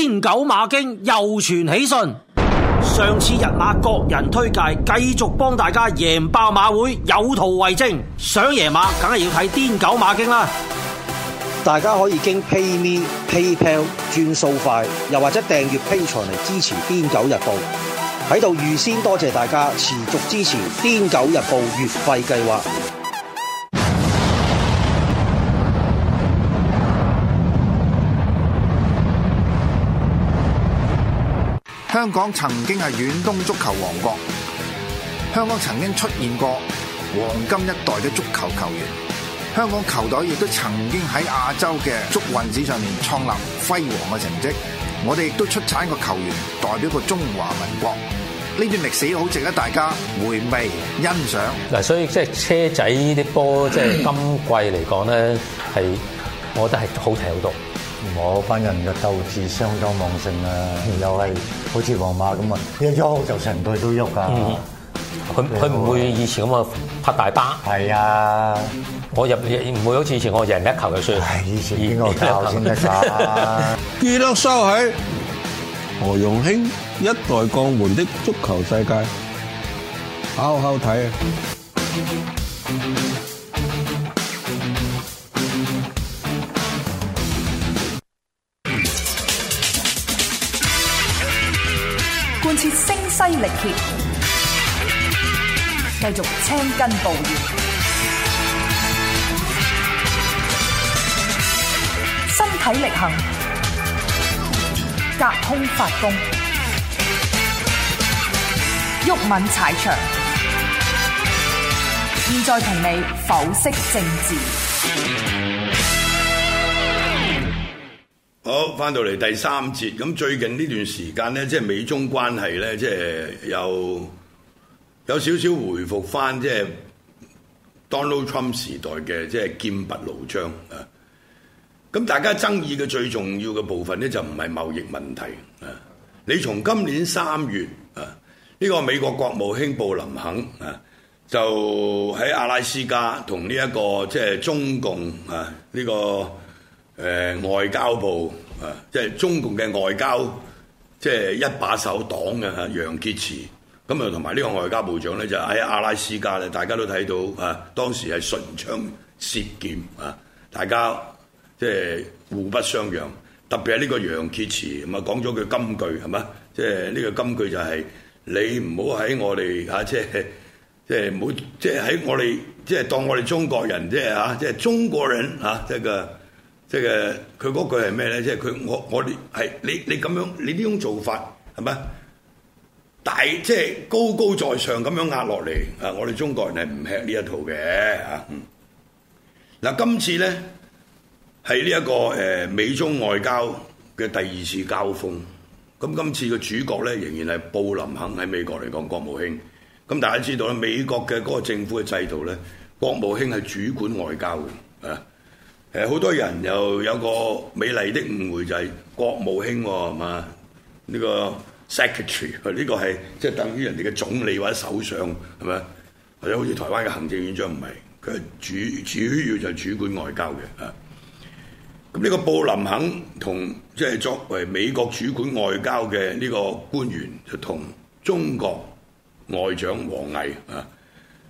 癲狗馬經又傳喜訊，上次日馬各人推介，繼續幫大家贏爆馬會，有圖為證。想贏馬，梗係要睇癲狗馬經啦。大家可以經 PayMe、PayPal 轉數快，又或者訂閱 Patreon 嚟支持癲狗日報。喺度預先多謝大家持續支持癲狗日報月費計劃。香港曾經係遠東足球王國，香港曾經出現過黃金一代嘅足球球員，香港球隊亦都曾經喺亞洲嘅足運史上面創立輝煌嘅成績。我哋亦都出產個球員代表過中華民國，呢段歷史好值得大家回味欣賞。嗱，所以即係車仔啲波，即係今季嚟講咧，係 我覺得係好睇好多。我班人嘅鬥志相當旺盛啊！的又係好似皇馬咁啊，一喐就成隊都喐啊！佢佢唔會以前咁啊，拍大巴。係啊的，我入唔會好似以前我贏一球嘅輸。係以前邊個教先得㗎？記得收起何容興一代鋼門的足球世界，好好睇啊！低力竭，繼續青筋暴現，身體力行，隔空發功，毓民踩場。現在同你剖析政治。好，翻到嚟第三節，咁最近呢段時間咧，即係美中關係咧，即係又有少少回復翻，即係 Donald Trump 時代嘅即係劍拔弩張啊！咁大家爭議嘅最重要嘅部分咧，就唔係貿易問題啊！你從今年三月啊，呢個美國國務卿布林肯啊，就喺阿拉斯加同呢一個即係中共啊呢個。誒、呃、外交部啊，即係中共嘅外交即係一把手黨嘅、啊、楊潔篪，咁啊同埋呢個外交部長咧就喺、是、阿拉斯加咧，大家都睇到啊，當時係唇槍舌劍啊，大家即係互不相讓，特別係呢個楊潔篪，咪、啊、講咗句金句係嘛，即係呢個金句就係、是、你唔好喺我哋嚇、啊，即係即係唔好即係喺我哋即係當我哋中國人即係嚇，即係中國人、啊、即一個。即係佢嗰句係咩呢？即係佢我我哋係你你咁樣你呢種做法係咪？大即係高高在上咁樣壓落嚟啊！我哋中國人係唔吃呢一套嘅啊！嗱，今次呢係呢一個誒美中外交嘅第二次交鋒。咁今次嘅主角呢仍然係布林肯，喺美國嚟講國務卿。咁大家知道咧，美國嘅嗰個政府嘅制度呢，國務卿係主管外交嘅啊。誒好多人又有個美麗的誤會就係國務卿喎、啊，係嘛？呢、這個 secretary 呢個係即係等於人哋嘅總理或者首相係咪？或者好似台灣嘅行政院長唔係？佢係主主要就主管外交嘅啊。咁呢個布林肯同即係、就是、作為美國主管外交嘅呢個官員就同中國外長王毅啊，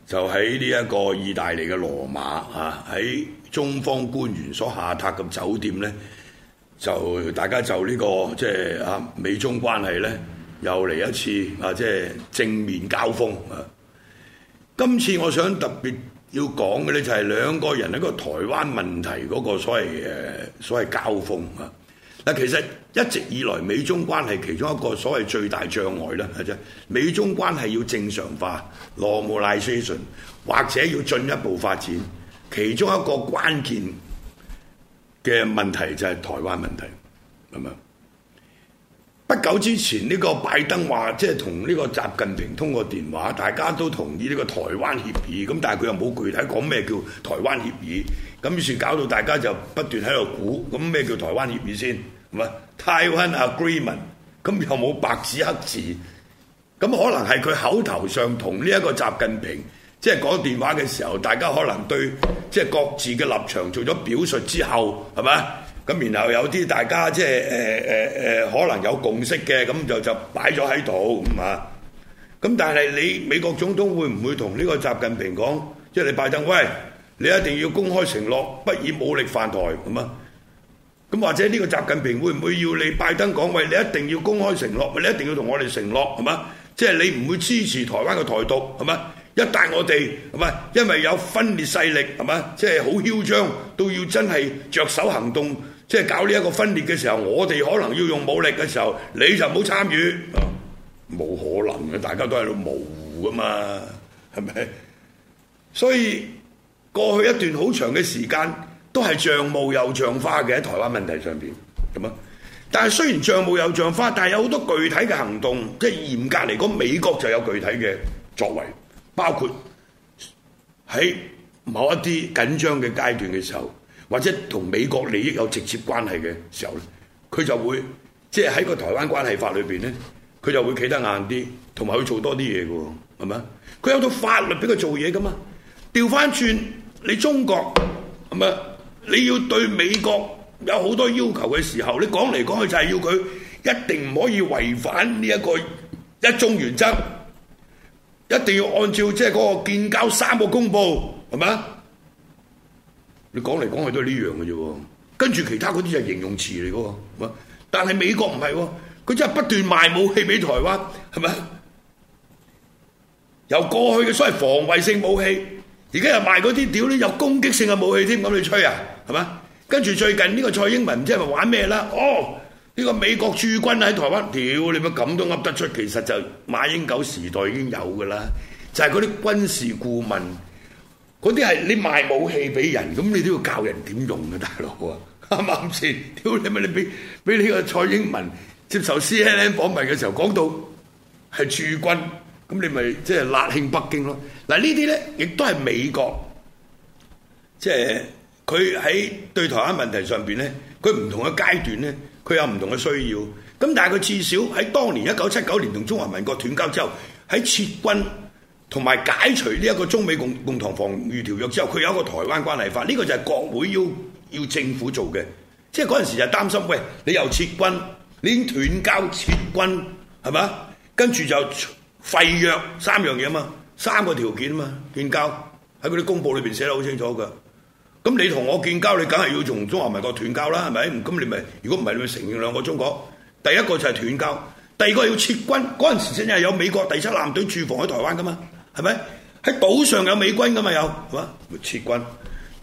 就喺呢一個意大利嘅羅馬啊喺中方官員所下榻嘅酒店呢，就大家就呢個即係啊美中關係呢，又嚟一次啊即係正面交鋒啊！今次我想特別要講嘅呢，就係兩個人喺個台灣問題嗰個所謂誒所謂交鋒啊！嗱，其實一直以來美中關係其中一個所謂最大障礙呢，係啫，美中關係要正常化、normalization，或者要進一步發展。其中一個關鍵嘅問題就係台灣問題，係咪？不久之前呢個拜登話，即係同呢個習近平通過電話，大家都同意呢個台灣協議，咁但係佢又冇具體講咩叫台灣協議，咁於是搞到大家就不斷喺度估，咁咩叫台灣協議先？係嘛？Taiwan Agreement，咁又冇白紙黑字，咁可能係佢口頭上同呢一個習近平。即係講電話嘅時候，大家可能對即係各自嘅立場做咗表述之後，係咪？咁然後有啲大家即係誒誒誒，可能有共識嘅，咁就就擺咗喺度咁啊。咁但係你美國總統會唔會同呢個習近平講，即係你拜登，喂，你一定要公開承諾不以武力犯台咁啊？咁或者呢個習近平會唔會要你拜登講，喂，你一定要公開承諾，喂你一定要同我哋承諾係嘛？即係你唔會支持台灣嘅台獨係嘛？一旦我哋唔係，因為有分裂勢力，係咪？即係好囂張，都要真係着手行動，即係搞呢一個分裂嘅時候，我哋可能要用武力嘅時候，你就唔好參與。冇、啊、可能嘅，大家都喺度模糊噶嘛，係咪？所以過去一段好長嘅時間，都係像霧又像花嘅喺台灣問題上邊，咁啊。但係雖然像霧又像花，但係有好多具體嘅行動，即係嚴格嚟講，美國就有具體嘅作為。包括喺某一啲緊張嘅階段嘅時候，或者同美國利益有直接關係嘅時候咧，佢就會即係喺個台灣關係法裏邊咧，佢就會企得硬啲，同埋去做多啲嘢嘅喎，係咪？佢有咗法律俾佢做嘢噶嘛。調翻轉你中國，係咪？你要對美國有好多要求嘅時候，你講嚟講去就係要佢一定唔可以違反呢一個一中原則。一定要按照即係嗰個建交三個公佈，係咪啊？你講嚟講去都係呢樣嘅啫喎，跟住其他嗰啲就係形容詞嚟嘅喎，但係美國唔係喎，佢真係不斷賣武器俾台灣，係咪啊？由過去嘅所謂防衞性武器，而家又賣嗰啲屌呢有攻擊性嘅武器添，咁你吹啊，係咪啊？跟住最近呢個蔡英文唔知係咪玩咩啦？哦！呢個美國駐軍喺台灣，屌你咪咁都噏得出，其實就馬英九時代已經有嘅啦，就係嗰啲軍事顧問，嗰啲係你賣武器俾人，咁你都要教人點用嘅，大佬啊，啱唔啱先？屌你咪你俾俾呢個蔡英文接受 CNN 訪問嘅時候講到係駐軍，咁你咪即係辣興北京咯。嗱呢啲咧亦都係美國，即係佢喺對台灣問題上邊咧，佢唔同嘅階段咧。佢有唔同嘅需要，咁但係佢至少喺當年一九七九年同中華民國斷交之後，喺撤軍同埋解除呢一個中美共共同防禦條約之後，佢有一個台灣關係法，呢、這個就係國會要要政府做嘅，即係嗰陣時就擔心，喂，你又撤軍，你已經斷交撤軍，係嘛？跟住就廢約三樣嘢啊嘛，三個條件啊嘛，斷交喺嗰啲公報裏邊寫得好清楚㗎。咁你同我建交，你梗係要同中華民國斷交啦，係咪？咁你咪如果唔係，你承認兩個中國，第一個就係斷交，第二個要撤軍。嗰陣時先係有美國第七艦隊駐防喺台灣噶嘛，係咪？喺島上有美軍噶嘛，有係嘛？撤軍。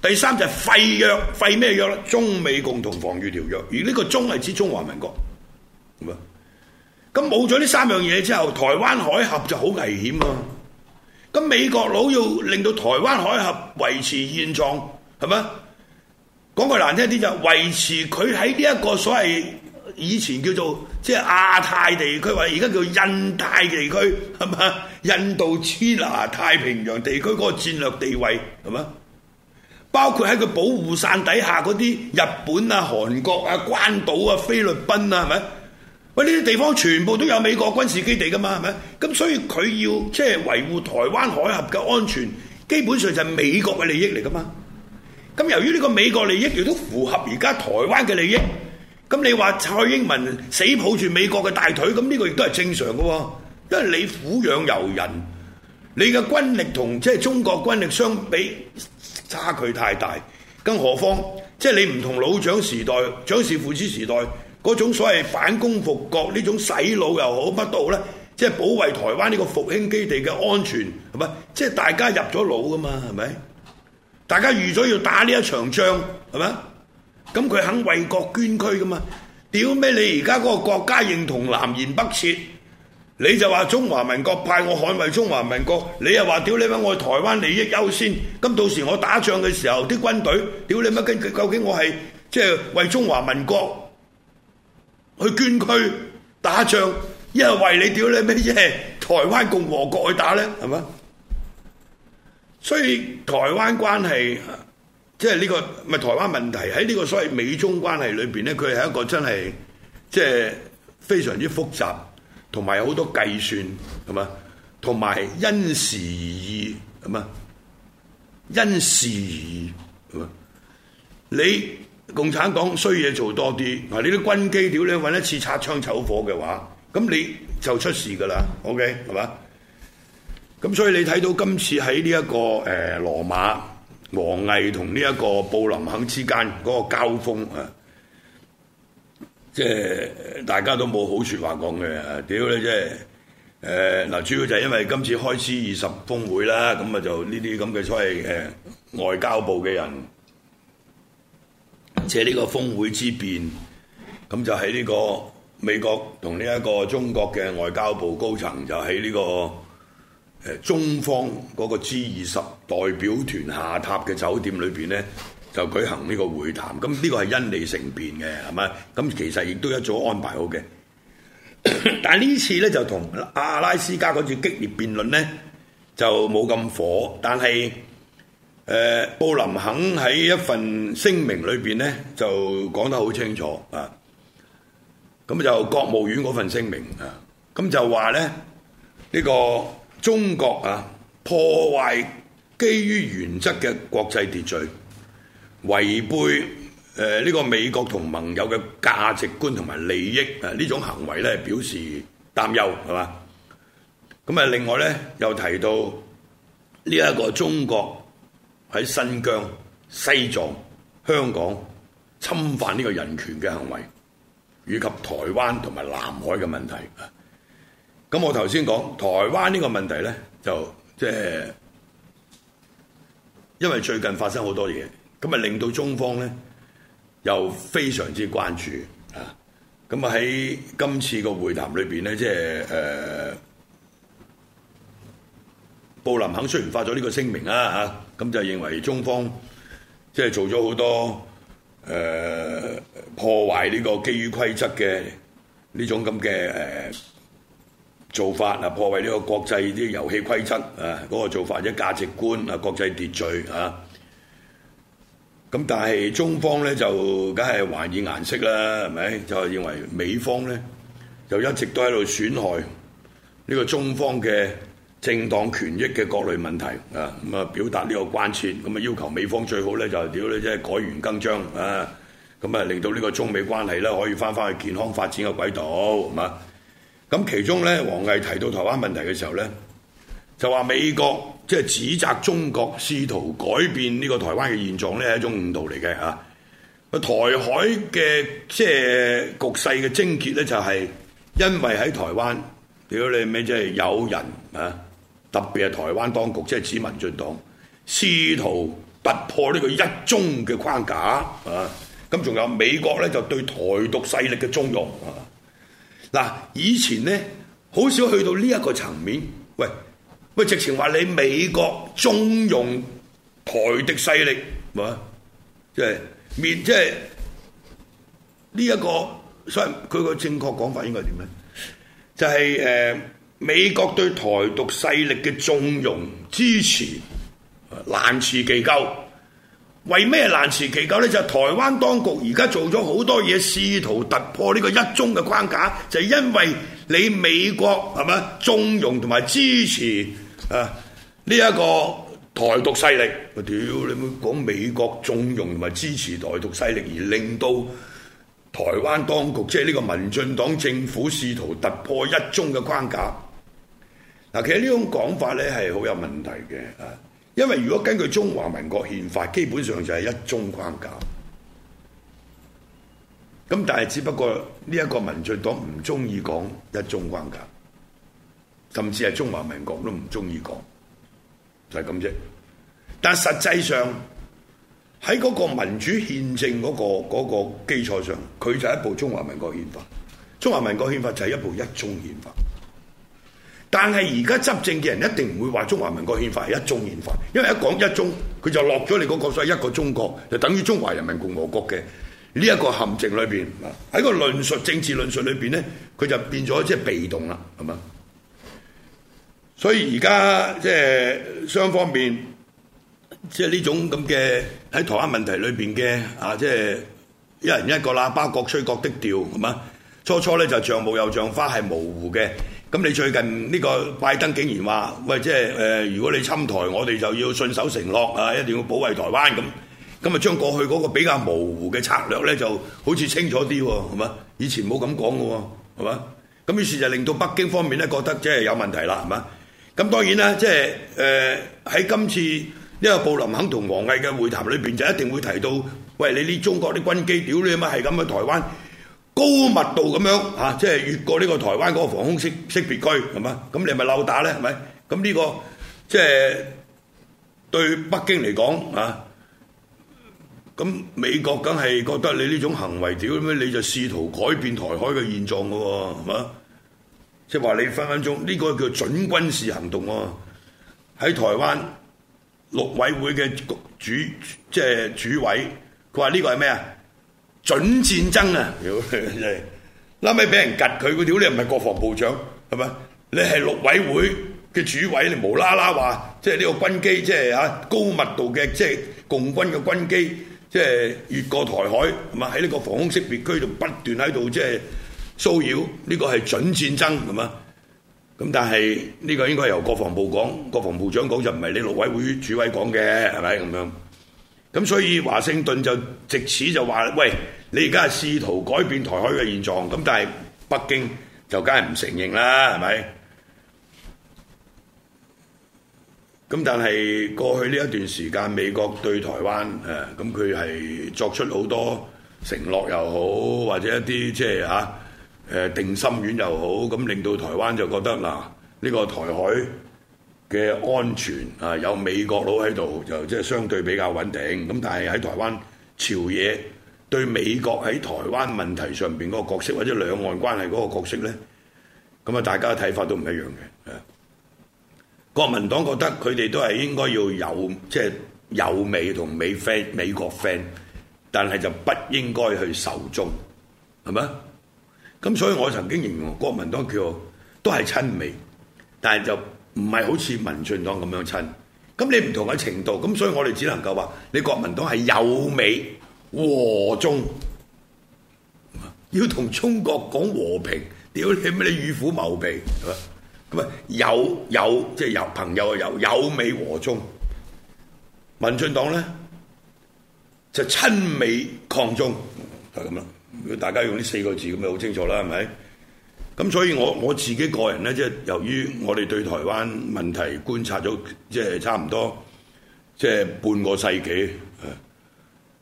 第三就係廢約，廢咩約咧？中美共同防禦條約。而呢個中係指中華民國，咁啊。咁冇咗呢三樣嘢之後，台灣海峽就好危險啊！咁美國佬要令到台灣海峽維持現狀。係嘛？講句難聽啲就維持佢喺呢一個所謂以前叫做即亞太地區，或者而家叫印太地區，係嘛？印度支那太平洋地區嗰個戰略地位，係嘛？包括喺佢保護傘底下嗰啲日本啊、韓國啊、關島啊、菲律賓啊，係咪？喂，呢啲地方全部都有美國軍事基地噶嘛，係咪？咁所以佢要即係維護台灣海峽嘅安全，基本上就係美國嘅利益嚟噶嘛。咁由於呢個美國利益亦都符合而家台灣嘅利益，咁你話蔡英文死抱住美國嘅大腿，咁呢個亦都係正常嘅喎，因為你撫養遊人，你嘅軍力同即係中國軍力相比差距太大，更何況即係你唔同老蔣時代、蔣氏父子時代嗰種所謂反攻復國呢種洗腦又好乜都好咧，即係保衞台灣呢個復興基地嘅安全，係咪？即係大家入咗腦噶嘛，係咪？大家預咗要打呢一場仗，係咪啊？咁佢肯為國捐軀噶嘛？屌咩！你而家嗰個國家認同南轅北轍，你就話中華民國派我捍衛中華民國，你又話屌你乜？我台灣利益優先，咁到時我打仗嘅時候，啲軍隊屌你乜？究竟我係即係為中華民國去捐軀打仗，一係為你屌你咩，一係台灣共和國去打呢，係咪？所以台灣關係即係呢、呢個咪台灣問題喺呢個所謂美中關係裏邊咧，佢係一個真係即係非常之複雜，同埋好多計算係嘛，同埋因時而異係嘛，因時而異係嘛。你共產黨衰嘢做多啲嗱，你啲軍機屌你揾一次擦槍走火嘅話，咁你就出事噶啦，OK 係嘛？咁所以你睇到今次喺呢一個誒、呃、羅馬王毅同呢一個布林肯之間嗰個交鋒啊，即係大家都冇好説話講嘅，屌、啊、咧即係誒嗱，主要就係因為今次開始二十峰會啦，咁啊就呢啲咁嘅所謂誒外交部嘅人，借呢個峰會之變，咁就喺呢、這個美國同呢一個中國嘅外交部高層就喺呢、這個。中方嗰個 G 二十代表團下榻嘅酒店裏邊呢，就舉行呢個會談。咁呢個係因利成便嘅，係咪？咁其實亦都一早安排好嘅。 但呢次呢，就同阿拉斯加嗰次激烈辯論呢，就冇咁火，但係誒、呃、布林肯喺一份聲明裏邊呢，就講得好清楚啊。咁就國務院嗰份聲明啊，咁就話咧呢、呢個。中國啊，破壞基於原則嘅國際秩序，違背誒呢個美國同盟友嘅價值觀同埋利益啊！呢種行為咧表示擔憂，係嘛？咁啊，另外咧又提到呢一個中國喺新疆、西藏、香港侵犯呢個人權嘅行為，以及台灣同埋南海嘅問題。咁我頭先講台灣呢個問題咧，就即係、就是、因為最近發生好多嘢，咁啊令到中方咧又非常之關注啊。咁啊喺今次個會談裏邊咧，即係誒布林肯雖然發咗呢個聲明啦嚇，咁、啊啊、就認為中方即係、就是、做咗好多誒、呃、破壞呢個基於規則嘅呢種咁嘅誒、呃做法啊，破壞呢個國際啲遊戲規則啊，嗰個做法，即價值觀啊，國際秩序啊。咁但係中方咧就梗係懷疑顏色啦，係咪？就認為美方咧就一直都喺度損害呢個中方嘅正當權益嘅各類問題啊。咁啊，表達呢個關切，咁啊要求美方最好咧就屌你即係改弦更張啊。咁啊，令到呢個中美關係咧可以翻返去健康發展嘅軌道，係嘛？咁其中咧，王毅提到台灣問題嘅時候咧，就話美國即係、就是、指責中國試圖改變呢個台灣嘅現狀咧係一種誤導嚟嘅嚇。台海嘅即係局勢嘅症結咧就係、是、因為喺台灣，屌你咩即係有人啊，特別係台灣當局即係、就是、指民進黨，試圖突破呢個一中嘅框架啊，咁仲有美國咧就對台獨勢力嘅縱容啊。嗱，以前咧好少去到呢一個層面，喂喂，直情話你美國縱容台獨勢力，哇！即係面即係呢一個，所以佢個正確講法應該係點咧？就係誒美國對台獨勢力嘅縱容支持，難辭其咎。為咩難辭其咎呢？就係、是、台灣當局而家做咗好多嘢，試圖突破呢個一中嘅框架，就係、是、因為你美國係咪縱容同埋支持呢一、啊這個台獨勢力？我屌你冇講美國縱容同埋支持台獨勢力，而令到台灣當局即係呢個民進黨政府試圖突破一中嘅框架。嗱、啊，其實呢種講法呢，係好有問題嘅啊！因為如果根據中華民國憲法，基本上就係一中框架。咁但係只不過呢一個民進黨唔中意講一中框架，甚至係中華民國都唔中意講，就係咁啫。但實際上喺嗰個民主憲政嗰個嗰個基礎上，佢就係一部中華民國憲法。中華民國憲法就係一部一中憲法。但係而家執政嘅人一定唔會話中華民國憲法係一中憲法，因為一講一中，佢就落咗你嗰個所謂一個中國，就等於中華人民共和國嘅呢一個陷阱裏邊，喺個論述政治論述裏邊呢，佢就變咗即係被動啦，係嘛？所以而家即係雙方面，即係呢種咁嘅喺台灣問題裏邊嘅啊，即係一人一個喇叭，各吹各的調，係嘛？初初呢，就像霧又像花，係模糊嘅。咁你最近呢個拜登竟然話：喂，即係誒，如果你侵台，我哋就要信守承諾啊，一定要保衛台灣咁。咁啊，將過去嗰個比較模糊嘅策略咧，就好似清楚啲喎，係嘛？以前冇咁講㗎喎，係嘛？咁於是就令到北京方面咧覺得即係有問題啦，係嘛？咁當然啦，即係誒喺今次呢個布林肯同王毅嘅會談裏邊就一定會提到：喂，你啲中國啲軍機屌你媽係咁去台灣。高密度咁樣嚇、啊，即係越過呢個台灣嗰個防空識識別區，係嘛？咁你係咪漏打咧？係咪？咁呢、呢個即係對北京嚟講嚇，咁、啊、美國梗係覺得你呢種行為屌咧？你就試圖改變台海嘅現狀嘅喎，係嘛？即係話你分分鐘呢、呢個叫準軍事行動喎、啊。喺台灣陸委會嘅主即係主委，佢話呢個係咩啊？準戰爭啊！拉尾俾人刉佢嗰條，你又唔係國防部長係嘛？你係陸委會嘅主委，你無啦啦話即係呢個軍機，即係嚇高密度嘅即係共軍嘅軍機，即係越過台海，係嘛，喺呢個防空識別區度不斷喺度即係騷擾，呢個係準戰爭係嘛？咁但係呢個應該係由國防部講，國防部長講就唔係你陸委會主委講嘅，係咪咁樣？咁所以華盛頓就直指就話：喂，你而家係試圖改變台海嘅現狀，咁但係北京就梗係唔承認啦，係咪？咁但係過去呢一段時間，美國對台灣誒，咁佢係作出好多承諾又好，或者一啲即係嚇誒定心丸又好，咁令到台灣就覺得嗱，呢個台海。嘅安全啊，有美國佬喺度就即係相對比較穩定。咁但係喺台灣朝野對美國喺台灣問題上邊嗰個角色，或者兩岸關係嗰個角色呢，咁啊大家睇法都唔一樣嘅。國民黨覺得佢哋都係應該要有即係、就是、有美同美 friend 美，美國 friend，但係就不應該去仇中，係咪？咁所以我曾經形容國民黨叫都係親美，但係就。唔係好似民進黨咁樣親，咁你唔同嘅程度，咁所以我哋只能夠話你國民黨係有美和中，要同中國講和平，屌你乜你與虎謀皮，係嘛？咁啊有友即係有朋友啊，有友美和中，民進黨咧就親美抗中，就係咁啦。如果大家用呢四個字咁咪好清楚啦，係咪？咁所以，我我自己個人呢，即係由於我哋對台灣問題觀察咗，即係差唔多即係半個世紀，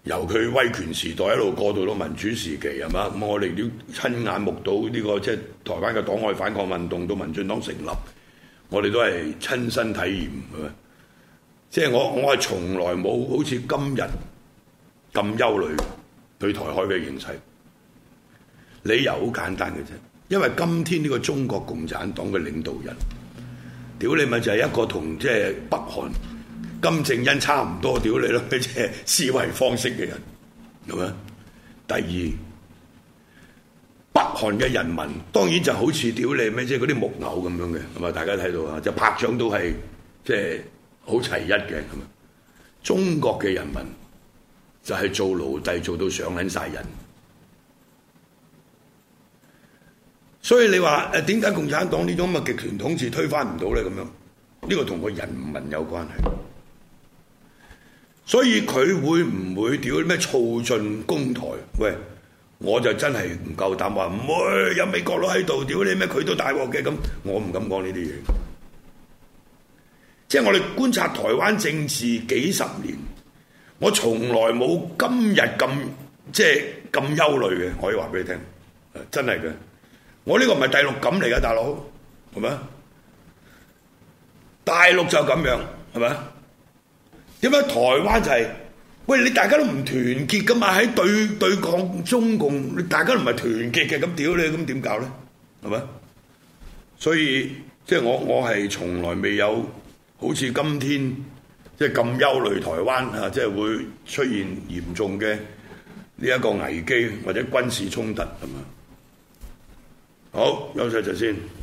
由佢威權時代一路過渡到民主時期，係嘛？咁我哋都親眼目睹呢個即係台灣嘅黨外反抗運動到民進黨成立，我哋都係親身體驗嘅。即係我我係從來冇好似今日咁憂慮對台海嘅形勢，理由好簡單嘅啫。因為今天呢個中國共產黨嘅領導人，屌你咪就係一個同即係北韓金正恩差唔多屌你咯，即係思維方式嘅人，係咪？第二，北韓嘅人民當然就好似屌你咩，即係嗰啲木偶咁樣嘅，係咪？大家睇到啊，就拍掌都係即係好齊一嘅，係咪？中國嘅人民就係做奴隸做到上緊晒人。所以你話誒點解共產黨呢種咁嘅極權統治推翻唔到咧？咁樣呢個同個人民有關係。所以佢會唔會屌咩操盡攻台？喂，我就真係唔夠膽話唔會有美國佬喺度屌你咩？佢都大鑊嘅咁，我唔敢講呢啲嘢。即係我哋觀察台灣政治幾十年，我從來冇今日咁即係咁憂慮嘅。我可以話俾你聽，真係嘅。我呢個唔係第六感嚟噶，大佬係咪啊？大陸就咁樣，係咪啊？點解台灣就係？喂，你大家都唔團結噶嘛？喺對對抗中共，你大家唔係團結嘅，咁屌你，咁點搞咧？係咪啊？所以即係我我係從來未有好似今天即係咁憂慮台灣嚇，即係會出現嚴重嘅呢一個危機或者軍事衝突咁啊！好，休息一陣先。